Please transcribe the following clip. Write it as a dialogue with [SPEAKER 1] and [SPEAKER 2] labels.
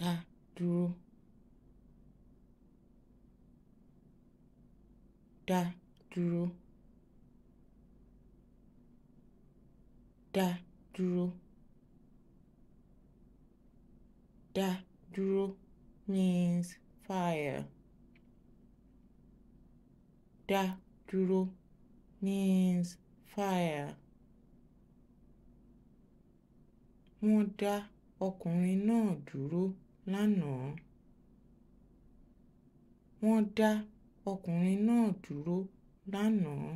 [SPEAKER 1] dá dúró da dúró da dúró da dúró means fire da dúró means fire wọ́n dá ọkùnrin náà dúró. lánàá wọ́n dá ọkùnrin náà dúró lánàá